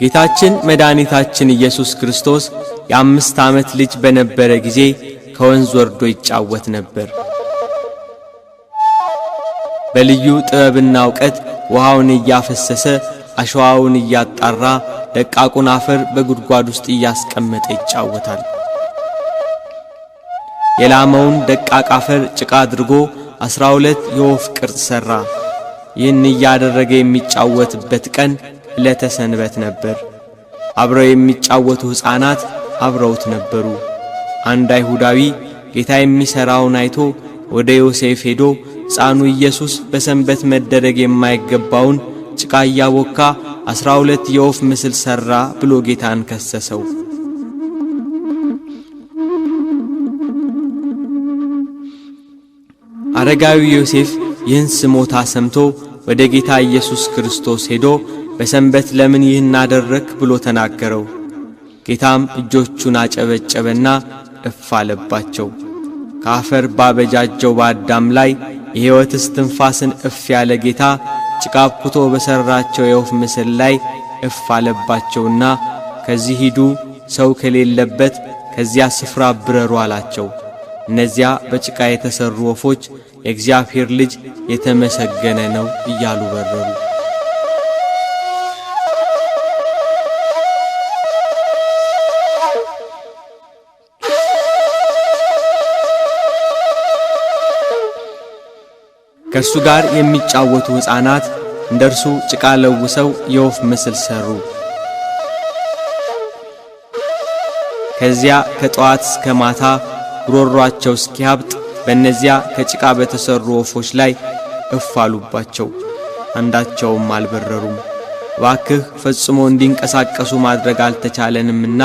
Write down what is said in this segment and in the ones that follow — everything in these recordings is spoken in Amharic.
ጌታችን መድኃኒታችን ኢየሱስ ክርስቶስ የአምስት ዓመት ልጅ በነበረ ጊዜ ከወንዝ ወርዶ ይጫወት ነበር። በልዩ ጥበብና ዕውቀት ውሃውን እያፈሰሰ አሸዋውን እያጣራ ደቃቁን አፈር በጉድጓድ ውስጥ እያስቀመጠ ይጫወታል። የላመውን ደቃቅ አፈር ጭቃ አድርጎ አስራ ሁለት የወፍ ቅርጽ ሠራ። ይህን እያደረገ የሚጫወትበት ቀን ለተሰንበት ነበር። አብረው የሚጫወቱ ሕፃናት አብረውት ነበሩ። አንድ አይሁዳዊ ጌታ የሚሠራውን አይቶ ወደ ዮሴፍ ሄዶ ሕፃኑ ኢየሱስ በሰንበት መደረግ የማይገባውን ጭቃ እያቦካ አስራ ሁለት የወፍ ምስል ሠራ ብሎ ጌታን ከሰሰው። አረጋዊ ዮሴፍ ይህን ስሞታ ሰምቶ ወደ ጌታ ኢየሱስ ክርስቶስ ሄዶ በሰንበት ለምን ይህን አደረክ ብሎ ተናገረው። ጌታም እጆቹን አጨበጨበና እፍ አለባቸው። ከአፈር ባበጃጀው በአዳም ላይ የሕይወትስ ትንፋስን እፍ ያለ ጌታ ጭቃ አብኩቶ በሠራቸው የወፍ ምስል ላይ እፍ አለባቸውና ከዚህ ሂዱ ሰው ከሌለበት ከዚያ ስፍራ ብረሩ አላቸው። እነዚያ በጭቃ የተሠሩ ወፎች የእግዚአብሔር ልጅ የተመሰገነ ነው እያሉ በረሩ። ከእርሱ ጋር የሚጫወቱ ሕፃናት እንደ እርሱ ጭቃ ለውሰው የወፍ ምስል ሰሩ። ከዚያ ከጠዋት እስከ ማታ ጉሮሯቸው እስኪያብጥ በእነዚያ ከጭቃ በተሰሩ ወፎች ላይ እፍ አሉባቸው፣ አንዳቸውም አልበረሩም። እባክህ ፈጽሞ እንዲንቀሳቀሱ ማድረግ አልተቻለንምና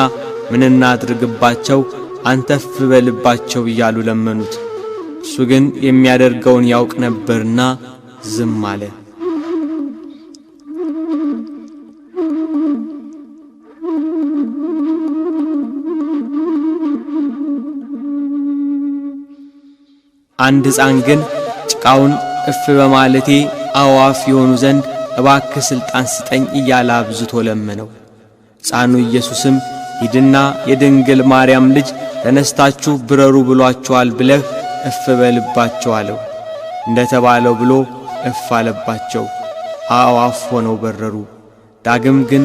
ምን እናድርግባቸው? አንተፍ በልባቸው እያሉ ለመኑት። እሱ ግን የሚያደርገውን ያውቅ ነበርና ዝም አለ። አንድ ሕፃን ግን ጭቃውን እፍ በማለቴ አዋፍ የሆኑ ዘንድ እባክ ሥልጣን ስጠኝ እያለ አብዝቶ ለመነው። ሕፃኑ ኢየሱስም ሂድና የድንግል ማርያም ልጅ ተነስታችሁ ብረሩ ብሏችኋል ብለህ እፍ በልባቸው አለው። እንደ ተባለው ብሎ እፍ አለባቸው፣ አዕዋፍ ሆነው በረሩ። ዳግም ግን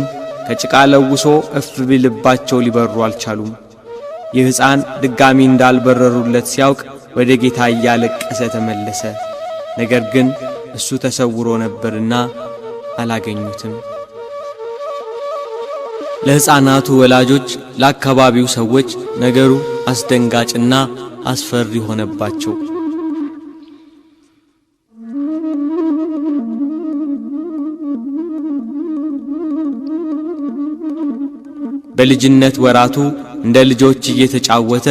ከጭቃ ለውሶ እፍ ቢልባቸው ሊበሩ አልቻሉም። ይህ ሕፃን ድጋሚ እንዳልበረሩለት ሲያውቅ ወደ ጌታ እያለቀሰ ተመለሰ። ነገር ግን እሱ ተሰውሮ ነበርና አላገኙትም። ለሕፃናቱ ወላጆች፣ ለአካባቢው ሰዎች ነገሩ አስደንጋጭና አስፈሪ ሆነባቸው። በልጅነት ወራቱ እንደ ልጆች እየተጫወተ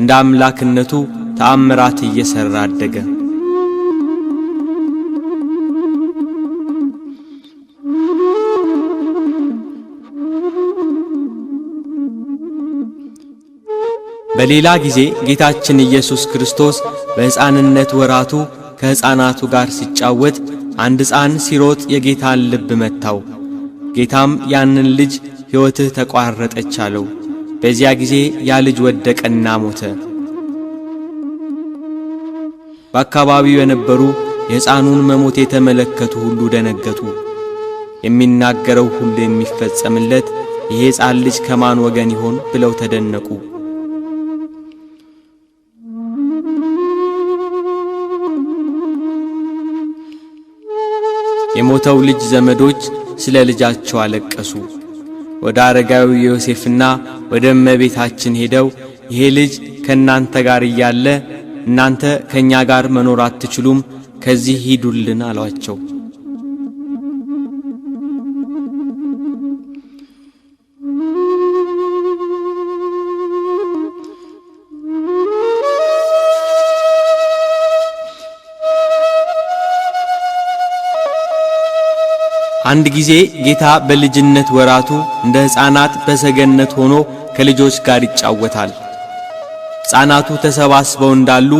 እንደ አምላክነቱ ተአምራት እየሰራ አደገ። በሌላ ጊዜ ጌታችን ኢየሱስ ክርስቶስ በሕፃንነት ወራቱ ከሕፃናቱ ጋር ሲጫወት አንድ ሕፃን ሲሮጥ የጌታን ልብ መታው። ጌታም ያንን ልጅ ሕይወትህ ተቋረጠች አለው። በዚያ ጊዜ ያ ልጅ ወደቀና ሞተ። በአካባቢው የነበሩ የሕፃኑን መሞት የተመለከቱ ሁሉ ደነገጡ። የሚናገረው ሁሉ የሚፈጸምለት ይሄ ሕፃን ልጅ ከማን ወገን ይሆን ብለው ተደነቁ። የሞተው ልጅ ዘመዶች ስለ ልጃቸው አለቀሱ። ወደ አረጋዊ ዮሴፍና ወደ እመቤታችን ሄደው ይሄ ልጅ ከእናንተ ጋር እያለ እናንተ ከእኛ ጋር መኖር አትችሉም፣ ከዚህ ሂዱልን አሏቸው። አንድ ጊዜ ጌታ በልጅነት ወራቱ እንደ ሕፃናት በሰገነት ሆኖ ከልጆች ጋር ይጫወታል። ሕፃናቱ ተሰባስበው እንዳሉ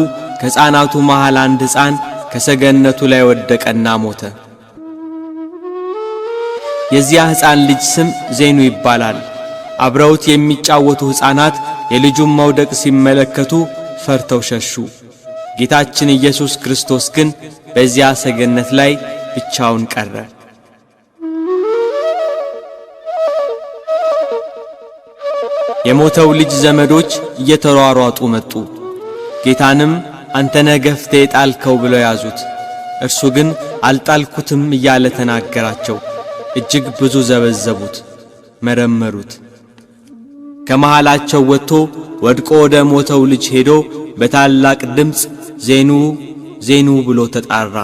ከሕፃናቱ መሃል አንድ ሕፃን ከሰገነቱ ላይ ወደቀና ሞተ። የዚያ ሕፃን ልጅ ስም ዜኑ ይባላል። አብረውት የሚጫወቱ ሕፃናት የልጁን መውደቅ ሲመለከቱ ፈርተው ሸሹ። ጌታችን ኢየሱስ ክርስቶስ ግን በዚያ ሰገነት ላይ ብቻውን ቀረ። የሞተው ልጅ ዘመዶች እየተሯሯጡ መጡ። ጌታንም አንተ ገፍተህ የጣልከው ብለው ያዙት። እርሱ ግን አልጣልኩትም እያለ ተናገራቸው። እጅግ ብዙ ዘበዘቡት፣ መረመሩት። ከመሃላቸው ወጥቶ ወድቆ ወደ ሞተው ልጅ ሄዶ በታላቅ ድምፅ ዜኑ ዜኑ ብሎ ተጣራ።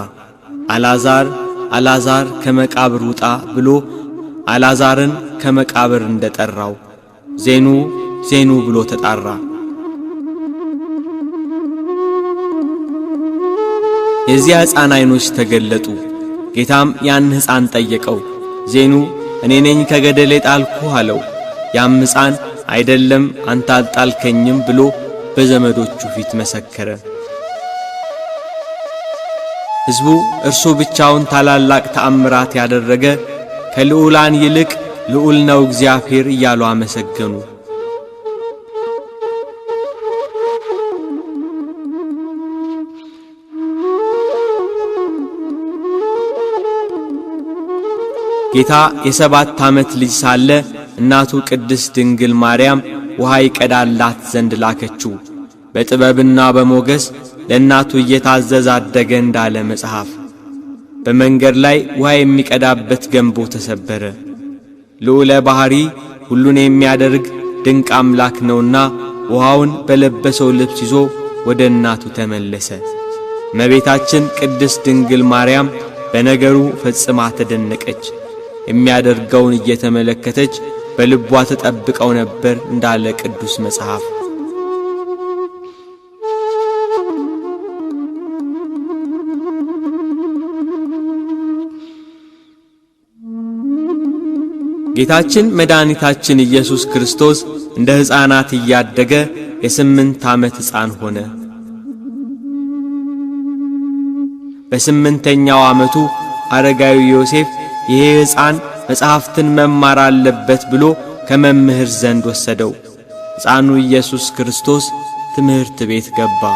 አላዛር አላዛር ከመቃብር ውጣ ብሎ አላዛርን ከመቃብር እንደጠራው ዜኑ ዜኑ ብሎ ተጣራ። የዚያ ሕፃን አይኖች ተገለጡ። ጌታም ያን ሕፃን ጠየቀው። ዜኑ እኔ ነኝ ከገደል የጣልኩህ አለው። ያም ሕፃን አይደለም አንተ አልጣልከኝም ብሎ በዘመዶቹ ፊት መሰከረ። ሕዝቡ እርሱ ብቻውን ታላላቅ ተአምራት ያደረገ ከልዑላን ይልቅ ልዑል ነው እግዚአብሔር እያሉ አመሰገኑ። ጌታ የሰባት ዓመት ልጅ ሳለ እናቱ ቅድስት ድንግል ማርያም ውሃ ይቀዳላት ዘንድ ላከችው። በጥበብና በሞገስ ለእናቱ እየታዘዘ አደገ እንዳለ መጽሐፍ። በመንገድ ላይ ውሃ የሚቀዳበት ገንቦ ተሰበረ። ልዑለ ባሕሪ ሁሉን የሚያደርግ ድንቅ አምላክ ነውና ውሃውን በለበሰው ልብስ ይዞ ወደ እናቱ ተመለሰ። እመቤታችን ቅድስት ድንግል ማርያም በነገሩ ፈጽማ ተደነቀች። የሚያደርገውን እየተመለከተች በልቧ ተጠብቀው ነበር እንዳለ ቅዱስ መጽሐፍ። ጌታችን መድኃኒታችን ኢየሱስ ክርስቶስ እንደ ሕፃናት እያደገ የስምንት ዓመት ሕፃን ሆነ። በስምንተኛው ዓመቱ አረጋዊ ዮሴፍ ይሄ ሕፃን መጽሐፍትን መማር አለበት ብሎ ከመምህር ዘንድ ወሰደው። ሕፃኑ ኢየሱስ ክርስቶስ ትምህርት ቤት ገባ።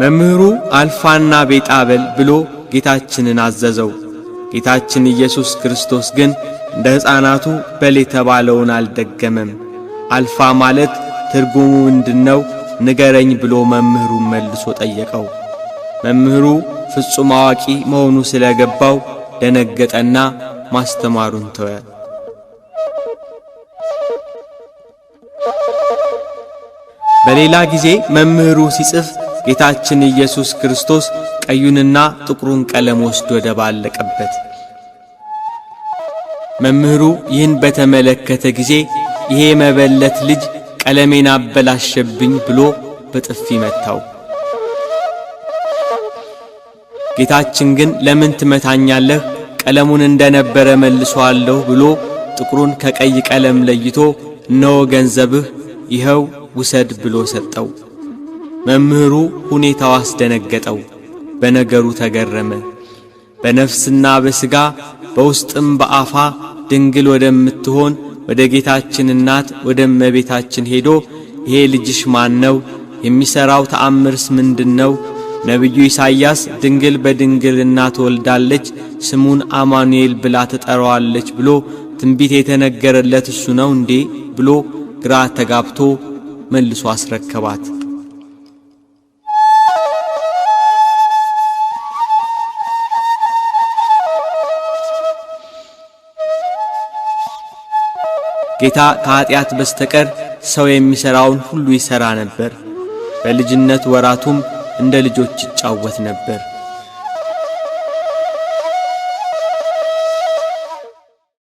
መምህሩ አልፋና ቤጣ በል ብሎ ጌታችንን አዘዘው። ጌታችን ኢየሱስ ክርስቶስ ግን እንደ ሕፃናቱ በል የተባለውን አልደገመም። አልፋ ማለት ትርጉሙ ምንድነው ንገረኝ ብሎ መምህሩን መልሶ ጠየቀው። መምህሩ ፍጹም አዋቂ መሆኑ ስለገባው ደነገጠና ማስተማሩን ተወ። በሌላ ጊዜ መምህሩ ሲጽፍ ጌታችን ኢየሱስ ክርስቶስ ቀዩንና ጥቁሩን ቀለም ወስዶ ደባለቀበት። መምህሩ ይህን በተመለከተ ጊዜ ይሄ መበለት ልጅ ቀለሜን አበላሸብኝ ብሎ በጥፊ መታው። ጌታችን ግን ለምን ትመታኛለህ? ቀለሙን እንደነበረ መልሶአለሁ ብሎ ጥቁሩን ከቀይ ቀለም ለይቶ እነሆ ገንዘብህ ይኸው ውሰድ ብሎ ሰጠው። መምህሩ ሁኔታው አስደነገጠው፣ በነገሩ ተገረመ። በነፍስና በሥጋ በውስጥም በአፋ ድንግል ወደምትሆን ወደ ጌታችን እናት ወደ እመቤታችን ሄዶ ይሄ ልጅሽ ማን ነው? የሚሠራው ተአምርስ ምንድን ነው? ነቢዩ ኢሳይያስ ድንግል በድንግልና ትወልዳለች፣ ስሙን አማኑኤል ብላ ትጠራዋለች ብሎ ትንቢት የተነገረለት እሱ ነው እንዴ? ብሎ ግራ ተጋብቶ መልሶ አስረከባት። ጌታ ከኀጢአት በስተቀር ሰው የሚሠራውን ሁሉ ይሠራ ነበር። በልጅነት ወራቱም እንደ ልጆች ይጫወት ነበር።